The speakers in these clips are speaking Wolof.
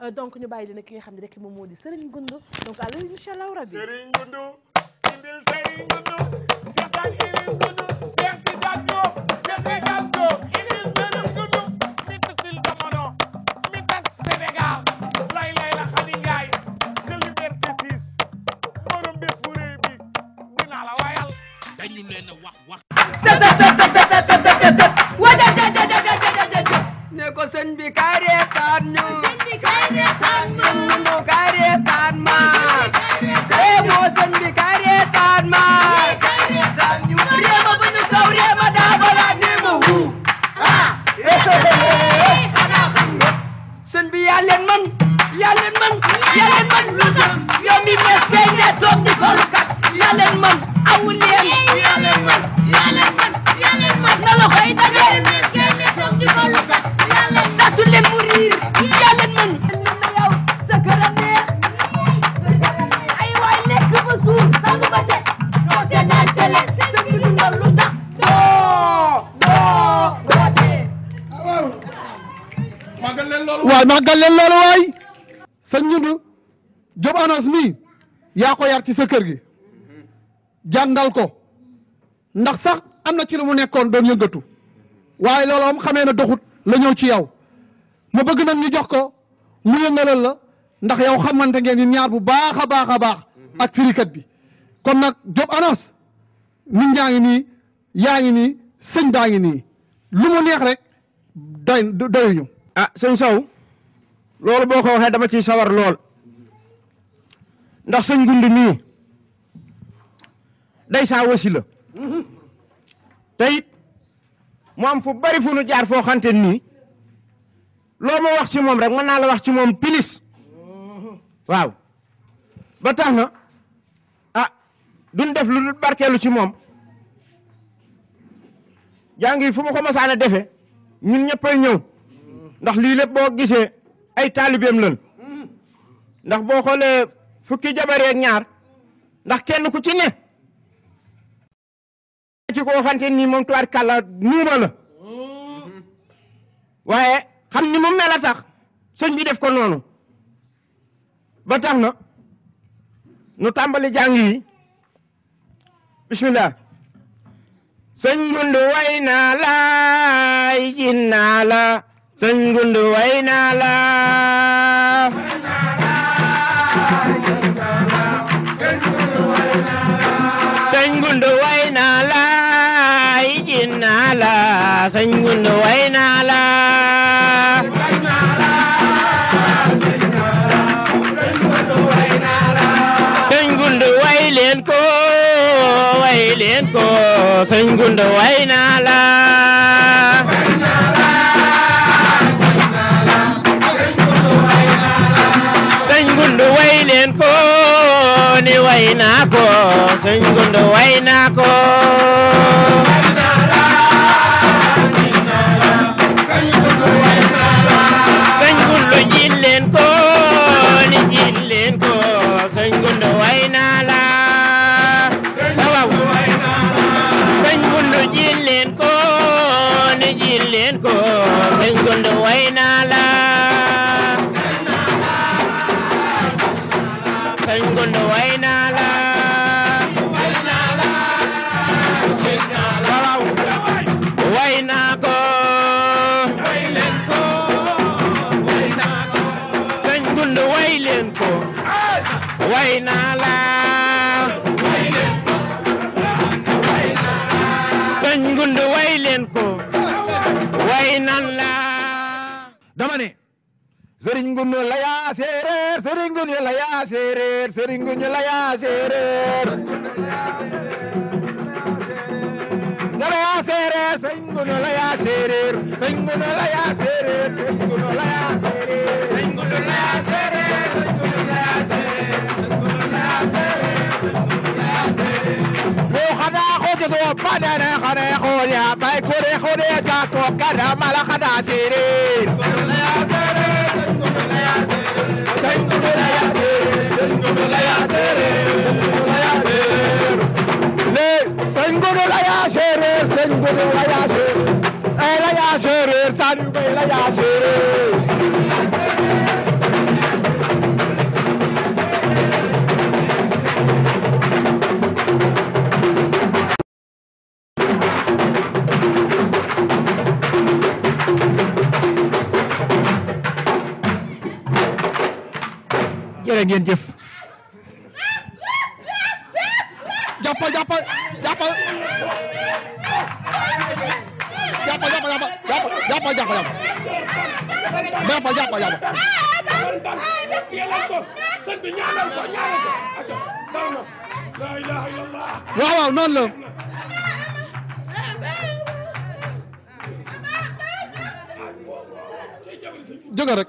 Euh, donc ñu bàyyi leen ki nga xam ne rek moom moo di Serigne Gundu donc allo incha allah rabi. Serigne Gundu indil Serigne Gundu seetaan indil Gundu seeti dato seeti dato indil Serigne Gundu mi tasil jamono mi tas Sénégal lay lay la xani ngaay que liberté siis borom bés bu réy bi dinaa la wayal dañu leen a wax wax. ne ko sëñ bi kay reetaan ñu sëñ bi kay reetaan ma sëñ Ndu kay reetaan ma ee moo sëñ bi kay reetaan ma réema bu ñu kaw réema daa bala ne ma wu ah eh, eh, eh, xanaa xam nga sëñ leen man lu tax non leen loolu waay màggal leen loolu sa ñund Diop Anas mi yaa ko yar ci sa kër gi jàngal ko ndax sax am na ci lu mu nekkoon doon yëngatu waaye loolu am xamee na doxut la ñëw ci yow ma bëgg nag ñu jox ko mu yëngalal la ndax yow xamante ngeen ni ñaar bu baax a baax a baax ak firikat bi kon nag Diop Anas nit ñaa ngi nii yaa ngi nii sëñ baa ngi nii lu mu neex rek doy doyuñu ah sëñ saw loolu boo ko waxee dama ciy sawar lool ndax sëñ gund nii day saa wasi la te mu am fu bari fu nu jaar foo xante nii loo ma wax ci moom rek mën naa la wax ci moom pilis waaw ba tax na duñ def lu dul barkeelu ci moom jàng yi fu ma ko masaane defe ñun ñëppay ñëw ndax lii lépp boo gisee ay taalibeem lan ndax boo xoolee fukki jabar ñaar ndax kenn ku ci ne ci koo xamante nii moom tuwaar kàlla nuuma la waaye xam ni mu mel a tax sëñ bi def ko noonu ba tax na nu tàmbali jàng yi bismillah sëñ gundu way naa la jin naa la sëñ gundu way naa la leen ko sëñ Gunda way naa la sëñ Gunda way leen ko ni way naa ko sëñ Gunda way naa ko Sëriñ Ngondo way naa la way naa la waaw way naa ko way leen ko way naa ko Sëriñ Ngondo way sëriñ gu ñu layaa séeréer sëriñ gu ñu layaa séeréer sëriñ gu ñu layaa séeréer layaa séeréer sëriñ gu ñu layaa séeréer sëriñ gu ñu layaa séeréer sëriñ gu ñu layaa séeréer sëriñ gu ñu layaa séeréer sëriñ gu ñu layaa séeréer sëriñ gu ñu layaa séeréer sëriñ gu ñu layaa séeréer loo xanaa xoojatoo banane xanaa xooja bay kode xode gàkko kada mala xanaa séeréer la yaa séeréer eh la yaa séeréer Saliou Gueye la yaa séeréer jërë ngeen jëf jàppal jàppal jàppal jàppal jàppal jàppal jàppal jàppal jàppal jàppal jàppal. waaw waaw noonu la. jóge rek.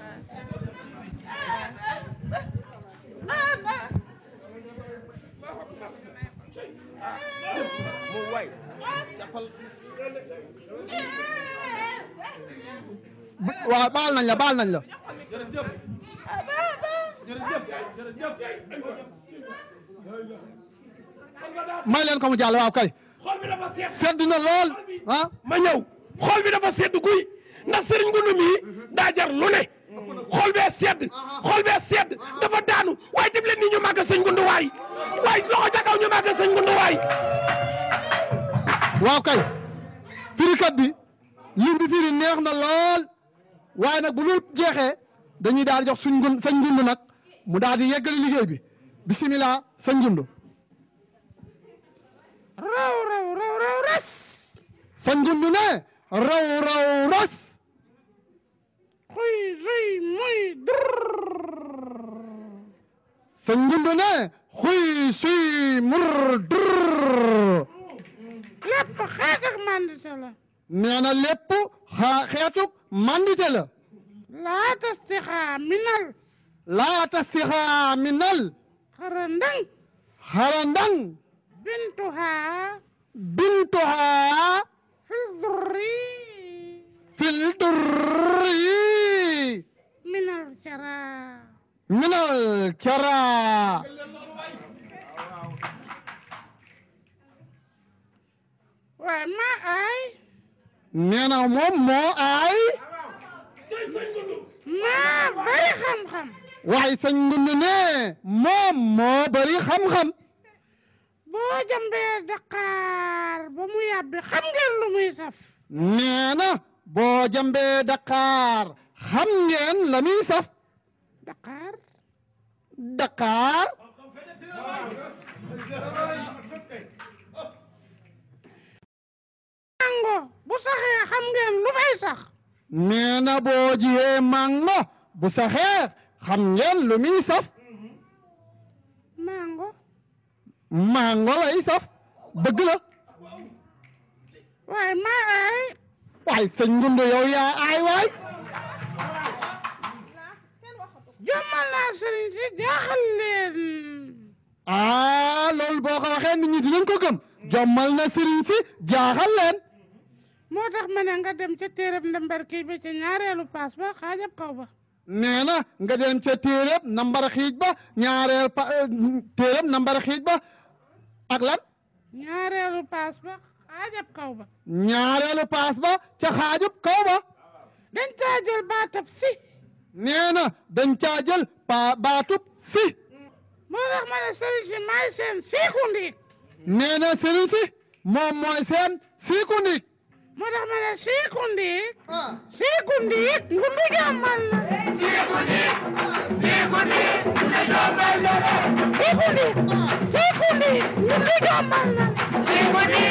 baal nañ la. may leen ko mu jàll waaw kay. sedd na lool ah. ma ñëw xool bi dafa sedd kuy ndax Serigne Goundou mii daa lu ne. xool bee sedd. xool bee sedd dafa daanu waaye def leen ni ñu màgg sëñ Goundou waay waaye loxo ca ñu màgg sëñ Goundou waay. waaw kay. firikat bi lim firi neex na lool. waaye nag bu loolu jeexee dañuy daal jox suñ gun sañ gund nag mu daal di yeggali liggéey bi bisimilah sañ gund raw raw raw raw ras sañ gund ne raw raw ras xuy xuy muy drrr sañ gund ne xuy suy mur drrr lépp xeet ak mandite la nee na lépp xeetuk mandite la laa tastixaa minal laa tastixaa minal xarandang xarandang bintuhaa bintuhaa fil durri fil durri minal caraa minal caraa nee na moom moo aay maa bari xam-xam waaye sëñ Ngundu ne moom moo bari xam-xam boo jambee Dakar ba mu yàbbi xam ngeen lu muy saf nee boo jambee daqaar xam ngeen la muy saf Dakar Dakar mango bu saxee xam ngeen lu sax nee na boo mango bu saxee xam ngeen lu saf mango mango lay saf dëgg la waay maa aay waay sëñ Ngundu yow yaa aay waay jommal naa sëriñ si jaaxal leen ah loolu boo ko waxee nit ñi dinañ ko gëm jommal na sëriñ si jaaxal leen moo tax ma ne nga dem ca téereb ndambar xiij ba ca ñaareelu paas ba xaajab kaw ba nee nga dem ca téereb ndambar xiij ba ñaareel pa euh, téereb ndambar xiij ba ak lan ñaareelu paas ba xaajab xaw ba ba ca xaajab xaw ba dañ caa jël baatab si pa baatub si moo tax ma ne sëriñ si maay seen siiku ndiig nee na sëriñ si moom moo tax ma ne Seekundik Seekundik Ngundu jàmmal la Seekundik Seekundik Ngundu jàmmal la Seekundik Seekundik Ngundu jàmmal la Seekundik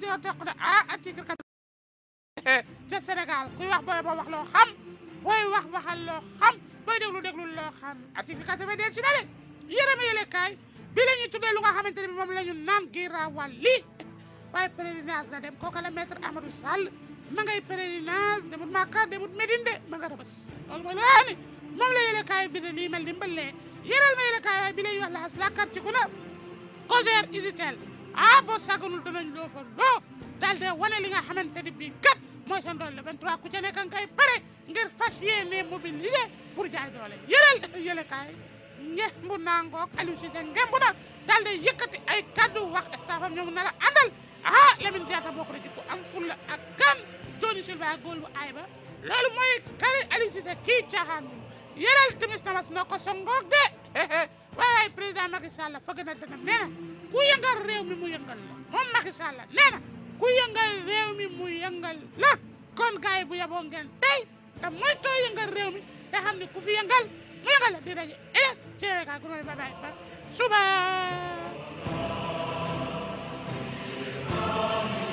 dina toq de ah article quatre eh, ca Sénégal kuy wax booy boo wax loo xam booy wax waxal loo xam booy déglu déglu loo xam article quatre vingt si na de yërëma yële kaay bi la ñuy tuddee lu nga xamante ne bi moom la ñu naan girawal lii waaye pèlerinage la dem kooka la maître Amadou Sall ma ngay pèlerinage demut Makka demut Médine de ma nga Rebeuss loolu mooy laa ni moom la yële kaay bi de lii mel ni mbalee yëral ma yële kaay waaye bi lay wax laas làkkar ci ku na cogère usitel ah boo saagul lu danañ loo loo daal wane li nga xamante ni bii kat mooy seen doole le 23 ku ca nekk nga koy pare ngir fas yéene jaay doole yëleel yële kaay ñex bu naangoog Aliou Cissé ngem bu na daal de yëkkati ay kaddu wax staffam ñoom nar a àndal ah Lamine Diatta bokk am fulla ak kan Tony Silva ak góol ba loolu mooy kari Aliou Cissé kii caaxaan yëleel timis namas na ko songoog de waaye président Macky Sall na dana ku yëngal réew mi mu yëngal la moom Macky Sall nee ku yëngal réew mi mu yëngal la kon gars bu yaboo ngeen tey te moytoo yëngal réew mi te xam ne ku fi mu yëngal la di daje ëllëg ci yëngal yi ba bàyyi ba